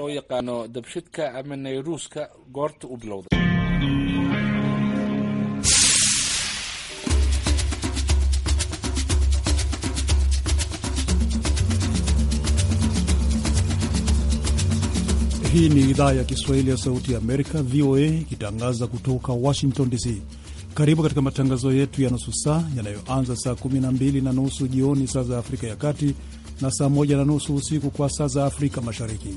loo yaqaano dabshidka ama nayruuska goorta u bilowday. Hii ni idhaa ya Kiswahili ya Sauti ya Amerika, VOA, ikitangaza kutoka Washington DC. Karibu katika matangazo yetu ya nusu saa yanayoanza saa 12 na nusu jioni saa za Afrika ya Kati na saa 1 na nusu usiku kwa saa za Afrika Mashariki.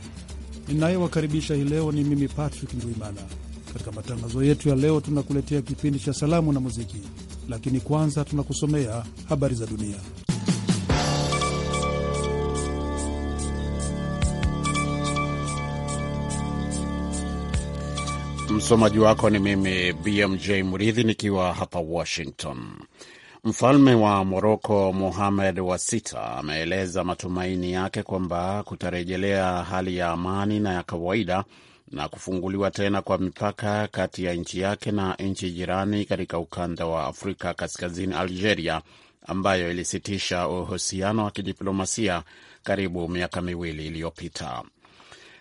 ninayewakaribisha hii leo ni mimi Patrick Ndwimana. Katika matangazo yetu ya leo, tunakuletea kipindi cha salamu na muziki, lakini kwanza tunakusomea habari za dunia. Msomaji wako ni mimi BMJ Murithi nikiwa hapa Washington. Mfalme wa Moroko Mohamed wa sita ameeleza matumaini yake kwamba kutarejelea hali ya amani na ya kawaida na kufunguliwa tena kwa mipaka kati ya nchi yake na nchi jirani katika ukanda wa Afrika Kaskazini, Algeria, ambayo ilisitisha uhusiano wa kidiplomasia karibu miaka miwili iliyopita.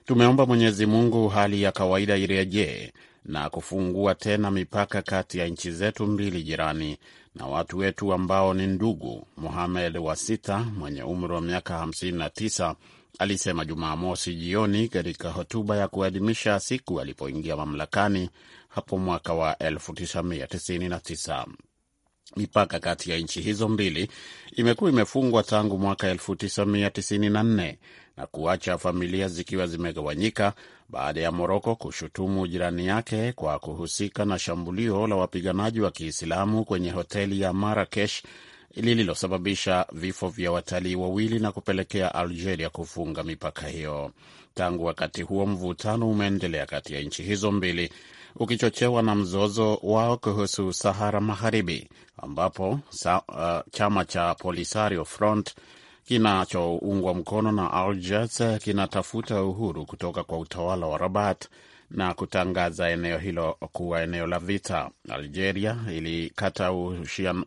Tumeomba Mwenyezi Mungu hali ya kawaida irejee na kufungua tena mipaka kati ya nchi zetu mbili jirani, na watu wetu ambao ni ndugu, Mohamed Wasita mwenye umri wa miaka 59 alisema Jumamosi jioni katika hotuba ya kuadhimisha siku alipoingia mamlakani hapo mwaka wa 1999. Mipaka kati ya nchi hizo mbili imekuwa imefungwa tangu mwaka 1994 na kuacha familia zikiwa zimegawanyika, baada ya Moroko kushutumu jirani yake kwa kuhusika na shambulio la wapiganaji wa Kiislamu kwenye hoteli ya Marakesh lililosababisha vifo vya watalii wawili na kupelekea Algeria kufunga mipaka hiyo. Tangu wakati huo, mvutano umeendelea kati ya nchi hizo mbili ukichochewa na mzozo wao kuhusu Sahara Magharibi, ambapo sa, uh, chama cha Polisario Front kinachoungwa mkono na Algiers kinatafuta uhuru kutoka kwa utawala wa Rabat na kutangaza eneo hilo kuwa eneo la vita. Algeria ilikata uhusiano,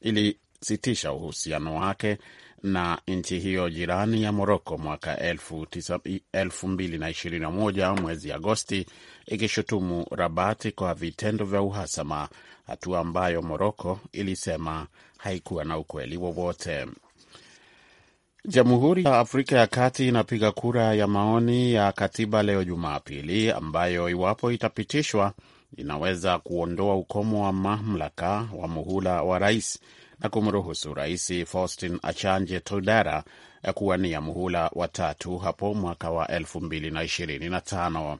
ilisitisha uhusiano wake na nchi hiyo jirani ya Moroko mwaka 221 mwezi Agosti, ikishutumu Rabati kwa vitendo vya uhasama, hatua ambayo Moroko ilisema haikuwa na ukweli wowote. Jamhuri ya Afrika ya Kati inapiga kura ya maoni ya katiba leo Jumapili, ambayo iwapo itapitishwa inaweza kuondoa ukomo wa mamlaka wa muhula wa rais na kumruhusu Rais Faustin Achanje Todara kuwania muhula wa tatu hapo mwaka wa 2025.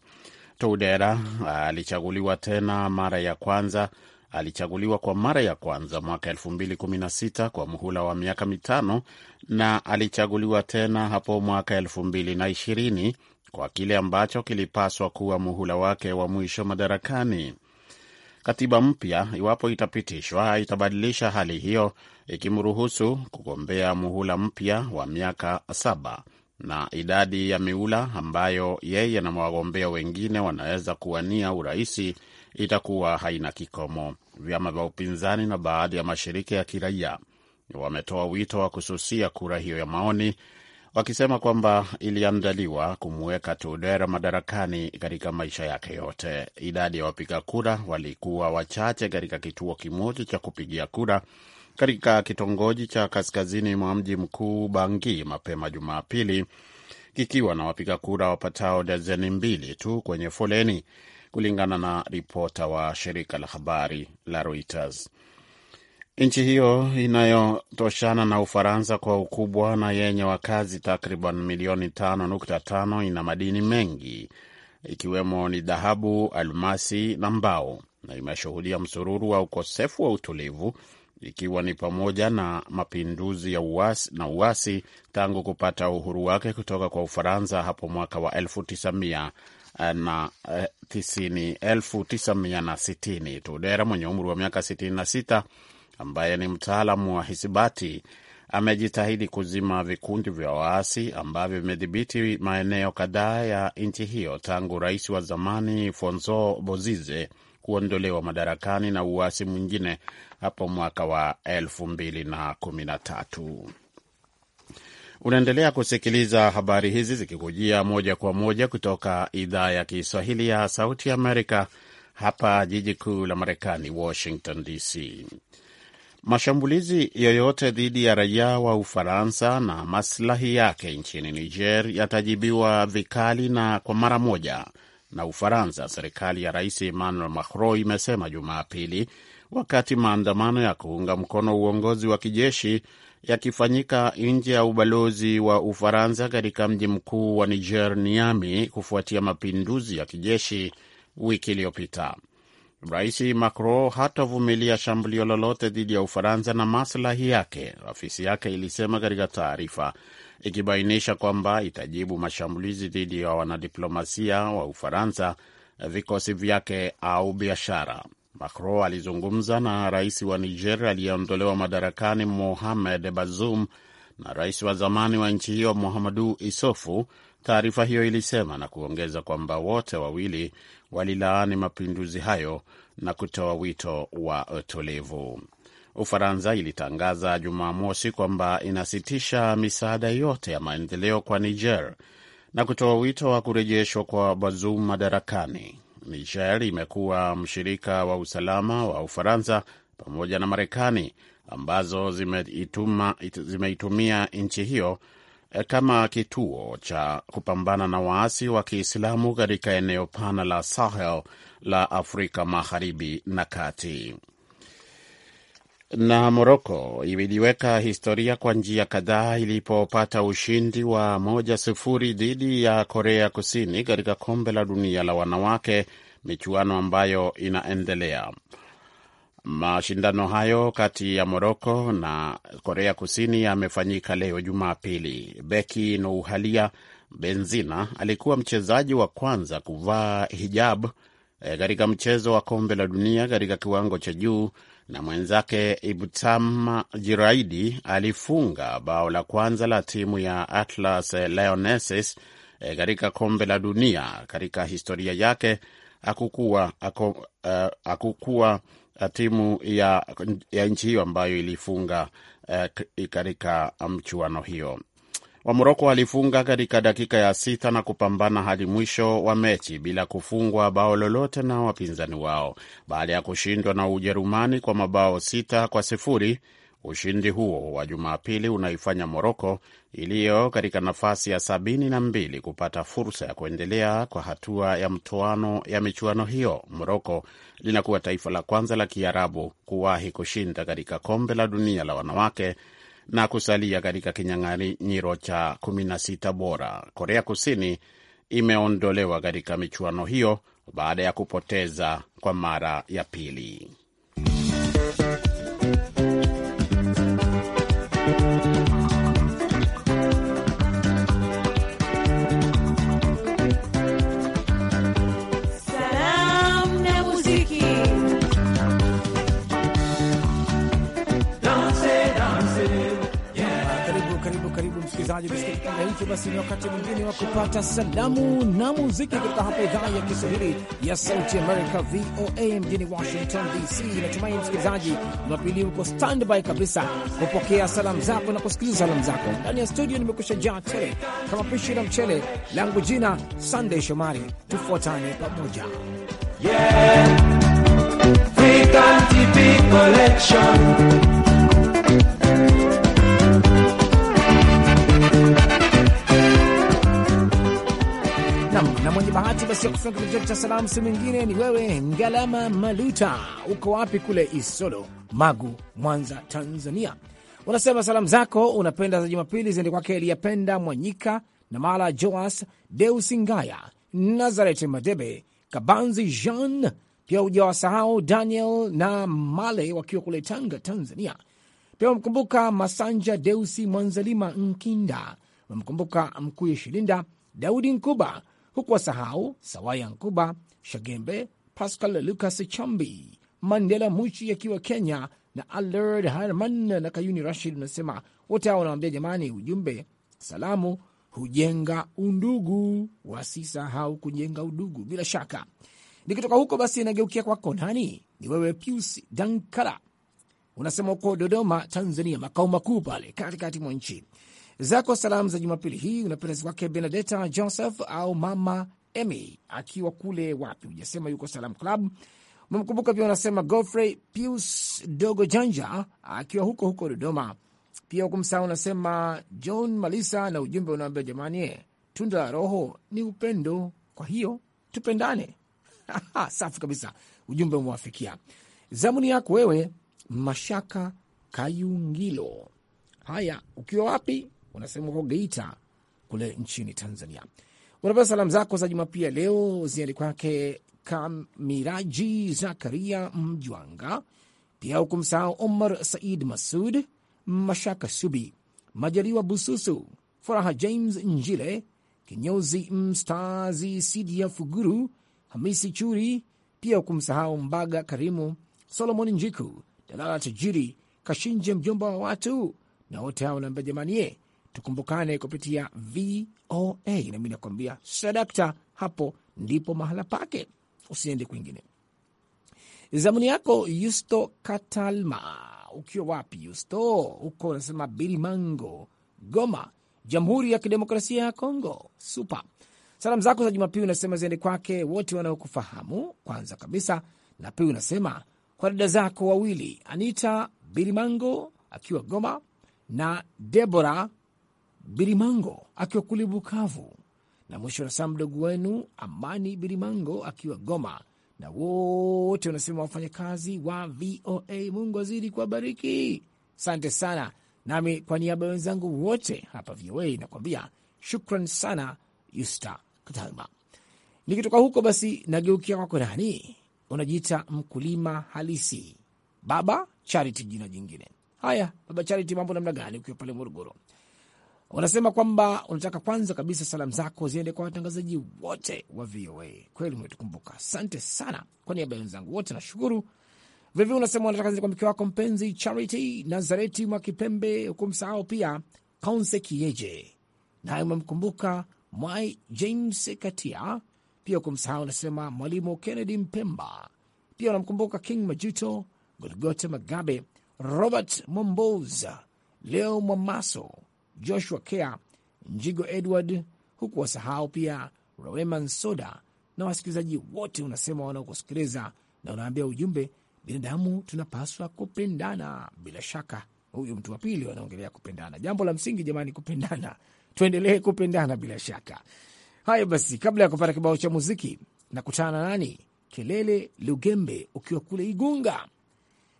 Todera alichaguliwa tena mara ya kwanza alichaguliwa kwa mara ya kwanza mwaka 2016 kwa muhula wa miaka mitano na alichaguliwa tena hapo mwaka 2020 kwa kile ambacho kilipaswa kuwa muhula wake wa mwisho madarakani. Katiba mpya, iwapo itapitishwa, itabadilisha hali hiyo, ikimruhusu kugombea muhula mpya wa miaka saba na idadi ya miula ambayo yeye na wagombea wengine wanaweza kuwania uraisi itakuwa haina kikomo vyama vya upinzani na baadhi ya mashirika ya kiraia wametoa wito wa kususia kura hiyo ya maoni, wakisema kwamba iliandaliwa kumweka Tudera madarakani katika maisha yake yote. Idadi ya wapiga kura walikuwa wachache katika kituo kimoja cha kupigia kura katika kitongoji cha kaskazini mwa mji mkuu Bangi mapema Jumapili, kikiwa na wapiga kura wapatao dazeni mbili tu kwenye foleni kulingana na ripota wa shirika la habari la Reuters. Nchi hiyo inayotoshana na Ufaransa kwa ukubwa na yenye wakazi takriban milioni 5.5 ina madini mengi ikiwemo ni dhahabu, almasi na mbao, na imeshuhudia msururu wa ukosefu wa utulivu ikiwa ni pamoja na mapinduzi ya uasi na uasi tangu kupata uhuru wake kutoka kwa Ufaransa hapo mwaka wa 19 na eh, tisini elfu tisa mia na sitini. Tudera mwenye umri wa miaka sita ambaye ni mtaalamu wa hisibati amejitahidi kuzima vikundi vya waasi ambavyo vimedhibiti maeneo kadhaa ya nchi hiyo tangu rais wa zamani Fonzo Bozize kuondolewa madarakani na uasi mwingine hapo mwaka wa elfu mbili na kumi na tatu. Unaendelea kusikiliza habari hizi zikikujia moja kwa moja kutoka idhaa ya Kiswahili ya Sauti Amerika, hapa jiji kuu la Marekani, Washington DC. Mashambulizi yoyote dhidi ya raia wa Ufaransa na maslahi yake nchini Niger yatajibiwa vikali na kwa mara moja na Ufaransa, serikali ya Rais Emmanuel Macron imesema Jumapili, wakati maandamano ya kuunga mkono uongozi wa kijeshi yakifanyika nje ya ubalozi wa Ufaransa katika mji mkuu wa Niger, niami kufuatia mapinduzi ya kijeshi wiki iliyopita. Rais Macron hatavumilia shambulio lolote dhidi ya Ufaransa na maslahi yake, ofisi yake ilisema katika taarifa, ikibainisha kwamba itajibu mashambulizi dhidi ya wanadiplomasia wa Ufaransa, vikosi vyake au biashara. Macron alizungumza na rais wa Niger aliyeondolewa madarakani Mohamed Bazoum na rais wa zamani wa nchi hiyo Mohamadu Isofu, taarifa hiyo ilisema, na kuongeza kwamba wote wawili walilaani mapinduzi hayo na kutoa wito wa utulivu. Ufaransa ilitangaza Jumamosi kwamba inasitisha misaada yote ya maendeleo kwa Niger na kutoa wito wa kurejeshwa kwa Bazoum madarakani. Niger imekuwa mshirika wa usalama wa Ufaransa pamoja na Marekani ambazo zimeitumia zime zimeitumia nchi hiyo eh, kama kituo cha kupambana na waasi wa Kiislamu katika eneo pana la Sahel la Afrika Magharibi na Kati na Moroko iliweka historia kwa njia kadhaa ilipopata ushindi wa moja sufuri dhidi ya Korea Kusini katika kombe la dunia la wanawake, michuano ambayo inaendelea. Mashindano hayo kati ya Moroko na Korea Kusini yamefanyika leo Jumapili. Beki Nouhalia Benzina alikuwa mchezaji wa kwanza kuvaa hijab eh, katika mchezo wa kombe la dunia katika kiwango cha juu na mwenzake Ibtsam Jiraidi alifunga bao la kwanza la timu ya Atlas Lionesses eh, katika kombe la dunia. Katika historia yake hakukuwa eh, hakukuwa eh, timu ya, ya nchi hiyo ambayo ilifunga katika mchuano hiyo. Wamoroko walifunga katika dakika ya sita na kupambana hadi mwisho wa mechi bila kufungwa bao lolote na wapinzani wao baada ya kushindwa na Ujerumani kwa mabao sita kwa sifuri. Ushindi huo wa Jumapili unaifanya Moroko iliyo katika nafasi ya sabini na mbili kupata fursa ya kuendelea kwa hatua ya mtoano ya michuano hiyo. Moroko linakuwa taifa la kwanza la Kiarabu kuwahi kushinda katika kombe la dunia la wanawake na kusalia katika kinyang'anyiro cha 16 bora. Korea Kusini imeondolewa katika michuano hiyo baada ya kupoteza kwa mara ya pili. msikilizaji, kusikia hicho, basi, ni wakati mwingine wa kupata salamu na muziki kutoka hapa idhaa ya Kiswahili ya Sauti america VOA mjini Washington DC. Natumai msikilizaji, mapili uko standby kabisa kupokea salamu zako na kusikiliza salamu zako. Ndani ya studio nimekusha jaa tele kama pishi la mchele langu, jina Sunday Shomari. Tufuatane pamoja, yeah. bahati basi ya kufunga kipindi chetu cha salamu, si mwingine ni wewe Ngalama Maluta. Uko wapi? Kule Isolo, Magu, Mwanza, Tanzania. Unasema salamu zako unapenda za Jumapili ziende kwake Eliyapenda Mwanyika na Mala Joas, Deusi Ngaya, Nazaret Madebe, Kabanzi Jean, pia sahau Daniel na Male wakiwa kule Tanga, Tanzania. Pia wamkumbuka Masanja Deusi Mwanzalima Nkinda, wamkumbuka Mkuye Shilinda, Daudi Nkuba huku wasahau Sawaya Nkuba, Shagembe, Pascal Lucas Chambi, Mandela Muchi akiwa Kenya na Alerd Harman na Kayuni Rashid. Unasema wote hao wanawambia jamani, ujumbe salamu hujenga undugu, wasisahau kujenga udugu. Bila shaka nikitoka huko basi nageukia kwako. Nani ni wewe? Pius Dankala unasema uko Dodoma, Tanzania, makao makuu pale katikati mwa nchi zako salamu za Jumapili hii unapenda kwake Benedeta Joseph au mama Emy akiwa kule wapi, ujasema yuko Salam Club. Umemkumbuka pia unasema Godfrey Pius Dogo Janja akiwa huko huko Dodoma. Pia ukumsaa unasema John Malisa, na ujumbe unaambia jamani, eh, tunda la Roho ni upendo, kwa hiyo tupendane. Safi kabisa, ujumbe umewafikia. Zamuni yako wewe Mashaka Kayungilo. Haya, ukiwa wapi unasema uko Geita kule nchini Tanzania. Unapewa salamu zako za Jumapili leo ziali kwake Kamiraji Zakaria Mjwanga, pia hukumsahau Omar Said Masud, Mashaka Subi, Majaliwa Bususu, Furaha James Njile, kinyozi mstazi Sidia Fuguru, Hamisi Churi, pia hukumsahau Mbaga Karimu, Solomoni Njiku, Dalala Tajiri, Kashinje mjomba wa watu, na wote hao naambia jamani, ye eh, tukumbukane kupitia VOA na mi sadakta, hapo ndipo mahala pake, usiende kwingine. Zamuni yako Yusto Katalma, ukiwa wapi Yusto? Huko unasema Birimango, Goma, Jamhuri ya Kidemokrasia ya Kongo. Supa, salamu zako za Jumapili unasema ziende kwake wote wanaokufahamu kwanza kabisa, na pia unasema kwa dada zako wawili Anita Birimango akiwa Goma na Debora Birimango akiwa kule Bukavu, na mwisho na saa mdogo wenu Amani Birimango akiwa Goma, na wote wanasema wafanyakazi wa VOA, Mungu azidi kuwabariki. Sante sana, nami kwa niaba ya wenzangu wote hapa VOA nakwambia shukran sana, Yusta Katalma. Nikitoka huko basi, nageukia kwako. Nani unajiita mkulima halisi, Baba Charity, jina jingine. Haya, Baba Charity, mambo namna gani ukiwa pale Morogoro? Unasema kwamba unataka kwanza kabisa salamu zako ziende kwa watangazaji wote wa VOA. Kweli umetukumbuka, asante sana kwa niaba ya wenzangu wote, nashukuru. Vivi unasema unataka ziende kwa mke wako mpenzi Charity Nazareti Mwakipembe, hukumsahau pia Kaunse Kieje, naye umemkumbuka Mwai James Katia, pia hukumsahau. Unasema Mwalimu Kennedy Mpemba, pia unamkumbuka King Majuto, Golgote Magabe, Robert Momboza, Leo Mwamaso Joshua Kea, Njigo Edward, huku wasahau pia Rawema Nsoda na wasikilizaji wote unasema wanaokusikiliza na unaambia ujumbe, binadamu tunapaswa kupendana. Bila shaka huyu mtu wa pili wanaongelea kupendana, jambo la msingi jamani, kupendana. Tuendelee kupendana bila shaka. Haya basi, kabla ya kupata kibao cha muziki, nakutana nani? Kelele Lugembe ukiwa kule Igunga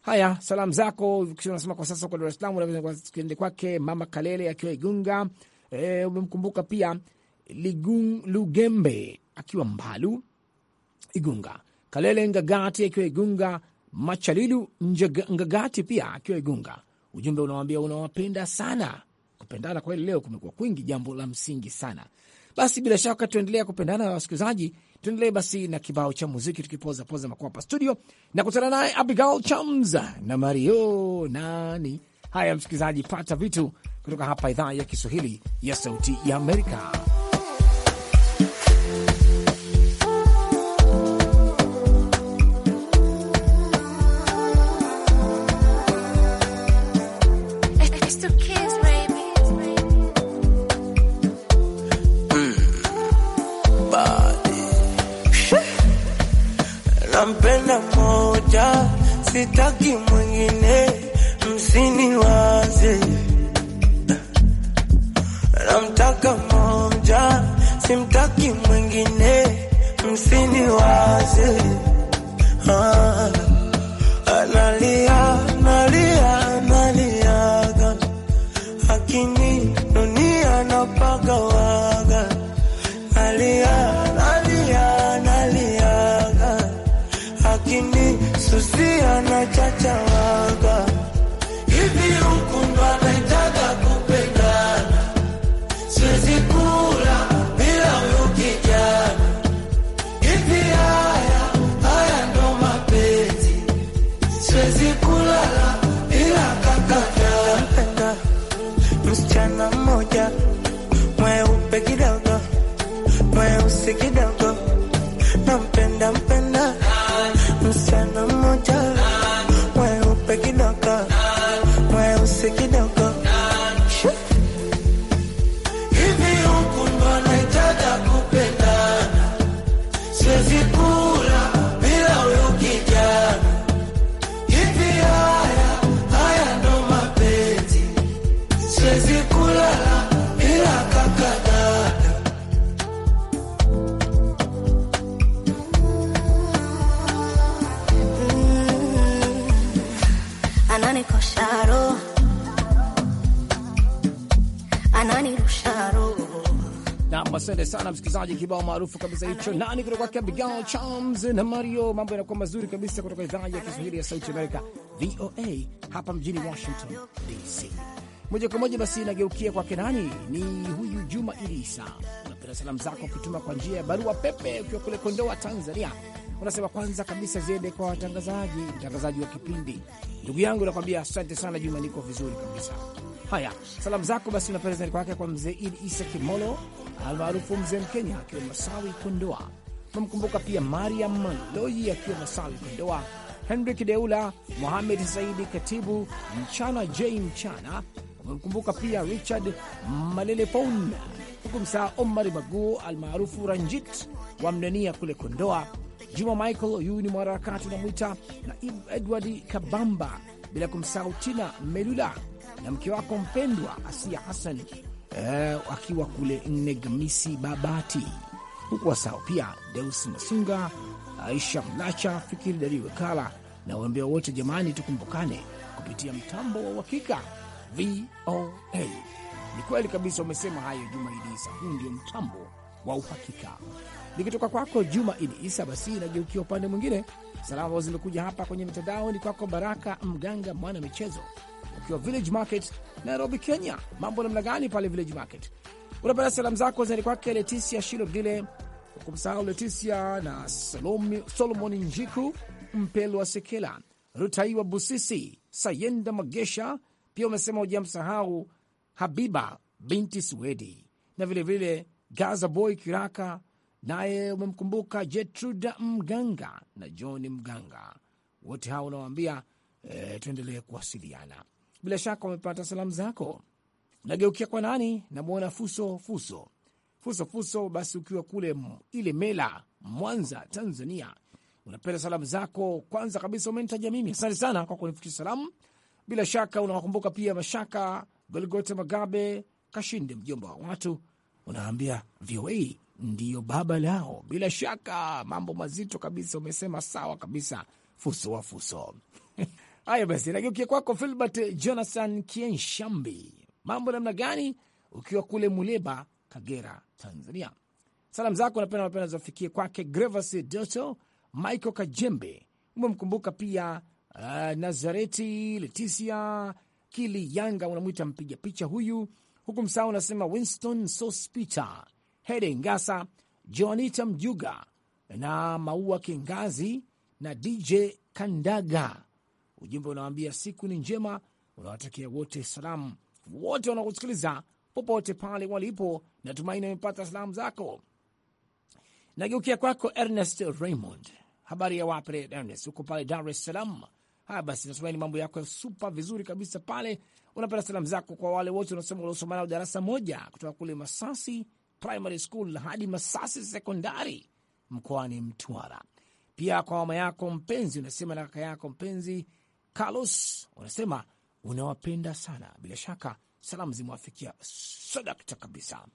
Haya, salamu zako unasema kwa sasa kwa Dar es Salaam, kwake mama Kalele akiwa Igunga. E, umemkumbuka pia Ligung, Lugembe akiwa Mbalu Igunga, Kalele Ngagati akiwa Igunga, Machalilu Ngagati pia akiwa Igunga. Ujumbe unawambia unawapenda sana. Kupendana kweli leo kumekuwa kwingi, jambo la msingi sana. Basi bila shaka tuendelea kupendana na wasikilizaji Tuendelee basi na kibao cha muziki tukipoza poza makuwa hapa studio na kutana naye Abigail Chamza na Mario nani. Haya msikilizaji, pata vitu kutoka hapa idhaa ya Kiswahili ya Sauti ya Amerika. mmoja, sitaki mwingine, msiniwaze. Namtaka moja simtaki mwingine, msiniwaze. Ah, analia cha cha cha Asante sana msikilizaji, kibao maarufu kabisa hicho nani kutoka kwake Abigail Chams na Mario. Mambo yanakuwa mazuri kabisa kutoka idhaa ya Kiswahili ya Sauti Amerika VOA hapa mjini Washington DC. Moja kwa moja basi inageukia kwake nani, ni huyu Juma Ilisa. Unapenda salamu zako ukituma kwa njia ya barua pepe ukiwa kule Kondoa, Tanzania. Unasema kwanza kabisa ziende kwa watangazaji, mtangazaji wa kipindi, ndugu yangu, nakwambia asante sana Juma, niko vizuri kabisa Haya, salamu zako basi unapeleza kwake kwa mzee Idi Isa Kimolo almaarufu mzee Mkenya akiwa Masawi Kondoa. Mamkumbuka pia Mariam Maloi akiwa Masawi Kondoa, Henrik Deula, muhamed Saidi Katibu, Mchana J Mchana. Umemkumbuka pia Richard Malelefon, huku msaa Omar Maguu almaarufu Ranjit wa Mnenia kule Kondoa, Juma Michael, huyu ni mwanaharakati unamwita, na Edward Kabamba, bila kumsahau Tina Melula na mke wako mpendwa Asia Hasani uh, eh, akiwa kule Nnegamisi Babati, huku wasao pia Deus Masunga, Aisha Mlacha, Fikiri Dari Wekala na waambia wote, jamani, tukumbukane kupitia mtambo wa uhakika VOA. Ni kweli kabisa umesema hayo Juma Idi Isa, huu ndio mtambo wa uhakika. Nikitoka kwako Juma Idi Isa, basi inageukia upande mwingine. Salamu zimekuja hapa kwenye mitandao, ni kwako Baraka Mganga, mwana michezo ukiwa Village Market, Nairobi, Kenya. Mambo namna gani pale Village Market? Unapata salamu zako zaidi kwake Leticia Shilobdile, kumsahau Leticia na Solomon Njiku, Mpelwa Sekela, Rutaiwa Busisi, Sayenda Magesha. Pia umesema hujamsahau Habiba binti Swedi na vilevile vile Gaza Boy Kiraka, naye umemkumbuka Jetruda Mganga na John Mganga. Wote hao unawaambia e, tuendelee kuwasiliana bila shaka wamepata salamu zako. Nageukia kwa nani? Namwona Fuso Fuso Fuso Fuso. Basi ukiwa kule ile mela Mwanza, Tanzania, unapenda salamu zako. Kwanza kabisa umenitaja mimi, asante sana kwa kunifikisha salamu. Bila shaka unawakumbuka pia Mashaka Golgote, Magabe Kashinde, mjomba wa watu, unaambia VOA ndiyo baba lao. Bila shaka mambo mazito kabisa, umesema sawa kabisa, Fuso wa Fuso Haya basi, nageukia kwako Filbert Jonathan Kienshambi, mambo namna gani ukiwa kule Muleba, Kagera, Tanzania? Salamu zako napenda mapenda zafikie kwake Grevas Doto, Michael Kajembe, umemkumbuka pia uh, Nazareti Leticia Kili Yanga, unamwita mpiga picha huyu huku msaa, unasema Winston Sospita, Hede Ngasa, Joanita Mjuga na Maua Kingazi na DJ Kandaga Ujumbe unawaambia siku ni njema, unawatakia wote salamu, wote wanaokusikiliza popote pale walipo. Natumaini amepata salamu zako. Nageukia kwako Ernest Raymond, habari ya wapi Ernest? Huko pale Dar es Salaam. Haya basi, natumaini mambo yako supa vizuri kabisa pale. Unapenda salamu zako kwa wale wote unasema uliosoma nao darasa moja, kutoka kule Masasi Primary School hadi Masasi Sekondari mkoani Mtwara. Pia kwa mama yako mpenzi unasema na kaka yako mpenzi Carlos wanasema unawapenda sana. Bila shaka salamu zimewafikia sadakta kabisa.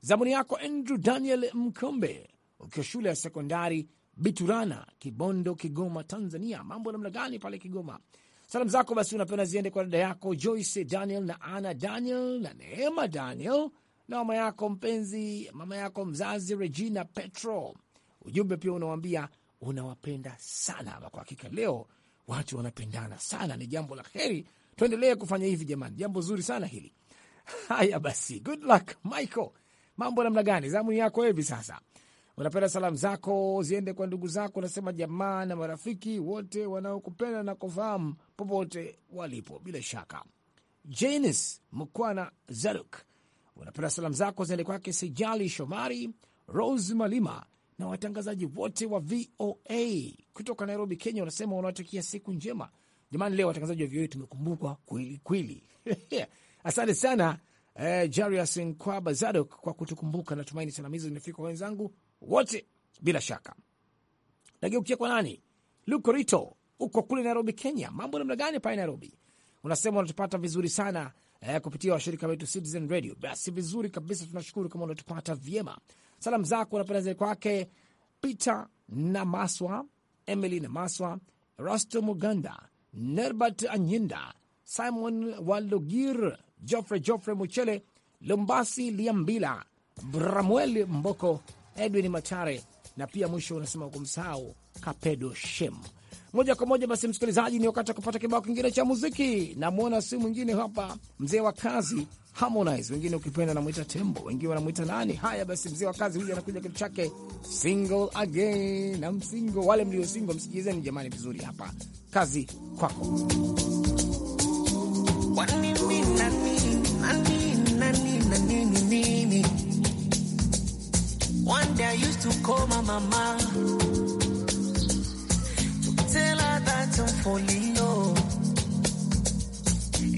Zamuni yako Andrew Daniel Mkombe, ukiwa shule ya sekondari Biturana, Kibondo, Kigoma, Tanzania. Mambo namna gani pale Kigoma? Salamu zako basi unapenda ziende kwa dada yako Joyce Daniel na Ana Daniel na Neema Daniel na mama yako mpenzi, mama yako mzazi Regina Petro. Ujumbe pia unawambia unawapenda sana. Kwa hakika leo watu wanapendana sana, ni jambo la heri. Tuendelee kufanya hivi jamani, jambo zuri sana hili. Haya basi, good luck Michael. Mambo namna gani? Zamu yako hivi sasa. Unapenda salamu zako ziende kwa ndugu zako, unasema jamaa na marafiki wote wanaokupenda na kufahamu popote walipo. Bila shaka, Janis Mkwana Zaruk, unapenda salamu zako ziende kwake Sijali Shomari, Rose Malima, na watangazaji wote wa VOA kutoka Nairobi, Kenya, wanasema wanawatakia siku njema. Jamani, leo watangazaji wa VOA tumekumbukwa kweli kweli. Asante sana eh, Jarius Nkwaba Zadok kwa kutukumbuka. Natumaini salamu hizo zimefika wenzangu wote bila shaka. Nageukia kwa nani, Lukorito uko kule Nairobi, Kenya. Mambo namna gani pale Nairobi? Unasema unatupata vizuri sana eh, kupitia washirika wetu Citizen Radio. Basi vizuri kabisa, tunashukuru kama unatupata vyema. Salamu zako napenda zile kwake Peter na Maswa, Emily na Maswa, Erasto Muganda, Nerbert Anyinda, Simon waldogir Joffrey Joffrey Muchele, lumbasi Liambila, Bramuel Mboko, Edwin Matare na pia mwisho unasema kumsahau Kapedo Shem moja kwa moja. Basi msikilizaji, ni wakati wa kupata kibao kingine cha muziki. Namwona si mwingine hapa, mzee wa kazi Harmonize, wengine ukipenda namwita Tembo, wengine wanamwita nani? Haya basi, mzee wa kazi huyu anakuja kitu chake single again na msingo. Wale mlio single msikilizeni jamani vizuri hapa, kazi kwako One day I used to call my mama say la dance and folio.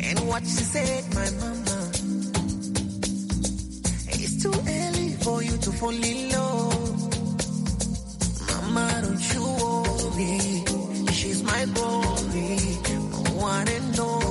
And what she said, my mama. It's too early for you to fall in love. Mama, don't you worry. She's my glory. No one and no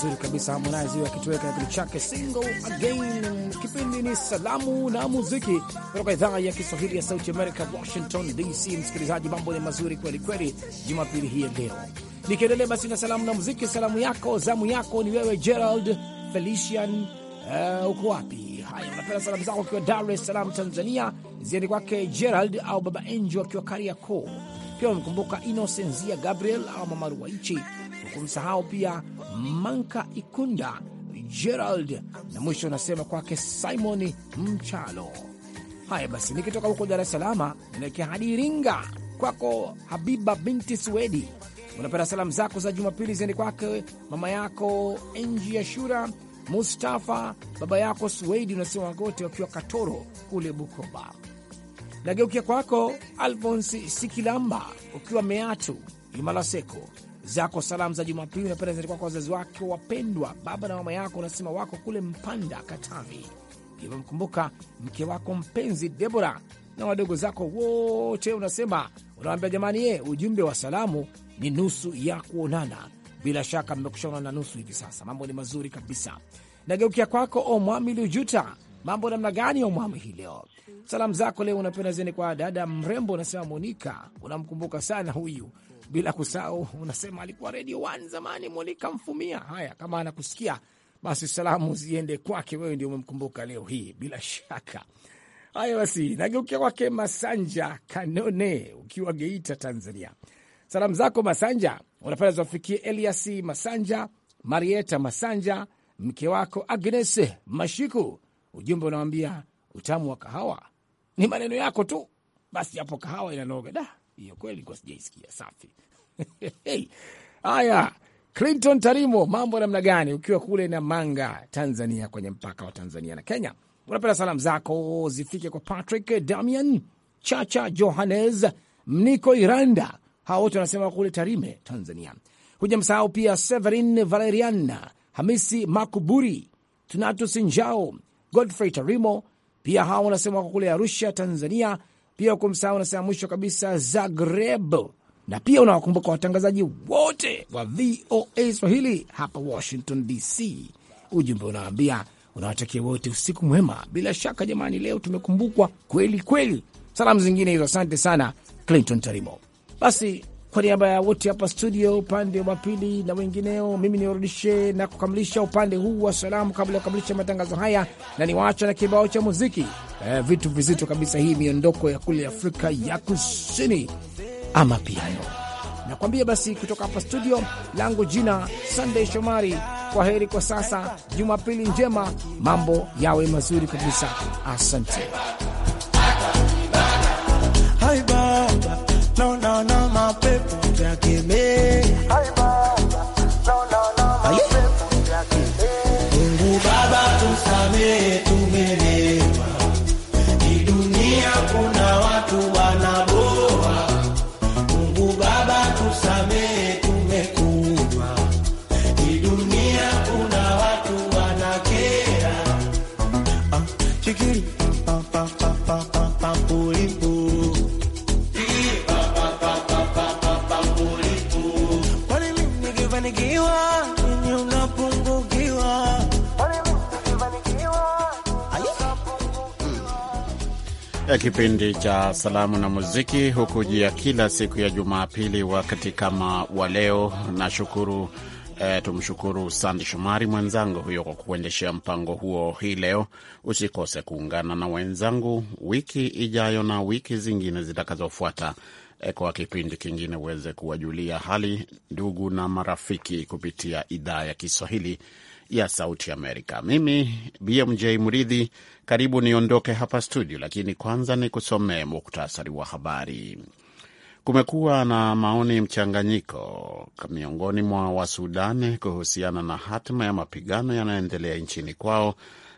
vizuri kabisa Harmonize huyo akitoweka kitu chake single again. Kipindi ni salamu na muziki kutoka idhaa ya Kiswahili ya Sauti America, Washington DC. Msikilizaji, mambo ni mazuri kweli kweli jumapili hii leo, nikiendelea basi na salamu na muziki. Salamu yako zamu yako ni wewe Gerald Felician, uh, uko wapi? Haya, unapenda salamu zako ukiwa Dar es Salaam Tanzania, ziende kwake Gerald au Baba Angel akiwa Kariakoo. Pia wamemkumbuka Inocenzia Gabriel au Mama Ruwaichi kumsahau pia Manka Ikunda Gerald, na mwisho unasema kwake simoni Mchalo. Haya basi, nikitoka huko Dar es Salaam naelekea hadi Iringa kwako Habiba binti swedi Unapenda salamu zako za Jumapili ziende kwake mama yako Enji Ashura Mustafa, baba yako swedi unasema wagote wakiwa Katoro kule Bukoba. Nageukia kwako Alfonsi Sikilamba ukiwa Meatu Imalaseko zako salamu za Jumapili unapenda zilikuwa kwa wazazi wake wapendwa, baba na mama yako, unasema wako kule Mpanda, Katavi. Umemkumbuka mke wako mpenzi Debora na wadogo zako wote, unasema unawambia jamani, ye ujumbe wa salamu ni nusu ya kuonana. Bila shaka mmekushaona na nusu hivi sasa, mambo ni mazuri kabisa. Nageukia kwako Omwami Lujuta, mambo namna gani Omwami hii leo? Salamu zako leo unapenda zeni kwa dada mrembo, unasema Monika, unamkumbuka sana huyu bila kusahau unasema alikuwa Radio One zamani, Molika Mfumia. Haya, kama anakusikia basi salamu ziende kwake, wewe ndio umemkumbuka leo hii bila shaka. Haya basi, nageukia kwake Masanja Kanone ukiwa Geita, Tanzania. Salamu zako Masanja unapenda ziwafikie Elias Masanja, Marieta Masanja, mke wako Agnes Mashiku. Ujumbe unawambia utamu wa kahawa ni maneno yako tu, basi hapo kahawa inanoga da hiyo kweli kwa sijaisikia. Safi. Haya, Clinton Tarimo, mambo namna gani ukiwa kule na Manga, Tanzania, kwenye mpaka wa Tanzania na Kenya? Unapenda salamu zako zifike kwa Patrick Damian Chacha, Johannes Mniko, Iranda, hawa wote wanasema kule Tarime, Tanzania. Hujamsahau pia Severin Valeriana, Hamisi Makuburi, tunatu sinjao Godfrey Tarimo, pia hawa wanasema wako kule Arusha, Tanzania pia kumsahau msahau, saa mwisho kabisa Zagreb, na pia unawakumbuka watangazaji wote wa VOA Swahili hapa Washington DC. Ujumbe unawaambia unawatakia wote usiku mwema. Bila shaka jamani, leo tumekumbukwa kweli kweli. Salamu zingine hizo, asante sana Clinton Tarimo. Basi kwa niaba ya wote hapa studio, upande wa pili na wengineo, mimi niwarudishe na kukamilisha upande huu wa salamu kabla ya kukamilisha matangazo haya, na niwaacha na kibao cha muziki eh, vitu vizito kabisa, hii miondoko ya kule Afrika ya Kusini ama piano. Nakwambia basi, kutoka hapa studio langu jina Sunday Shomari. Kwa heri kwa sasa, Jumapili njema, mambo yawe mazuri kabisa, asante. Hi, baba. No, no, no, my people, kipindi cha salamu na muziki hukujia kila siku ya Jumapili wakati kama wa leo. Nashukuru eh, tumshukuru Sandi Shomari mwenzangu huyo kwa kuendeshea mpango huo hii leo. Usikose kuungana na wenzangu wiki ijayo na wiki zingine zitakazofuata eh, kwa kipindi kingine uweze kuwajulia hali ndugu na marafiki kupitia idhaa ya Kiswahili ya Sauti Amerika. Mimi BMJ Mridhi, karibu niondoke hapa studio, lakini kwanza ni kusomee muktasari wa habari. Kumekuwa na maoni mchanganyiko miongoni mwa Wasudani kuhusiana na hatima ya mapigano yanayoendelea nchini kwao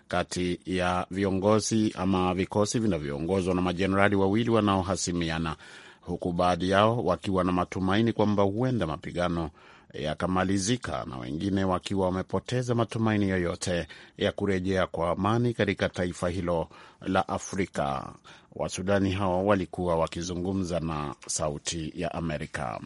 kati ya viongozi ama vikosi vinavyoongozwa na majenerali wawili wanaohasimiana, huku baadhi yao wakiwa na matumaini kwamba huenda mapigano yakamalizika na wengine wakiwa wamepoteza matumaini yoyote ya kurejea kwa amani katika taifa hilo la Afrika. Wasudani hao walikuwa wakizungumza na Sauti ya Amerika.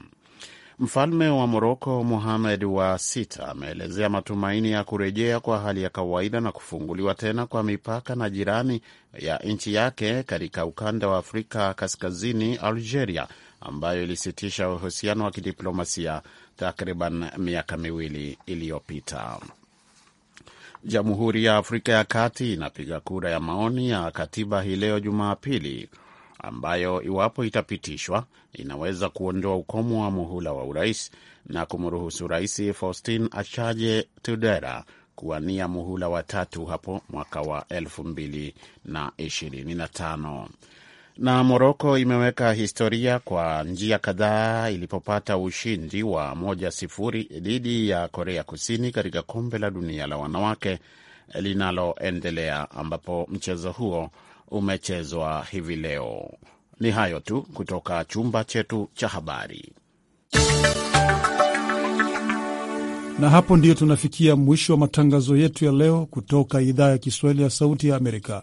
Mfalme wa Moroko Mohamed wa Sita ameelezea matumaini ya kurejea kwa hali ya kawaida na kufunguliwa tena kwa mipaka na jirani ya nchi yake katika ukanda wa Afrika Kaskazini, Algeria, ambayo ilisitisha uhusiano wa kidiplomasia takriban miaka miwili iliyopita. Jamhuri ya Afrika ya Kati inapiga kura ya maoni ya katiba hii leo Jumapili, ambayo iwapo itapitishwa inaweza kuondoa ukomo wa muhula wa urais na kumruhusu Rais Faustin Achaje Tudera kuwania muhula wa tatu hapo mwaka wa tano na Moroko imeweka historia kwa njia kadhaa ilipopata ushindi wa moja sifuri dhidi ya Korea Kusini katika kombe la dunia la wanawake linaloendelea ambapo mchezo huo umechezwa hivi leo. Ni hayo tu kutoka chumba chetu cha habari, na hapo ndiyo tunafikia mwisho wa matangazo yetu ya leo kutoka idhaa ya Kiswahili ya Sauti ya Amerika.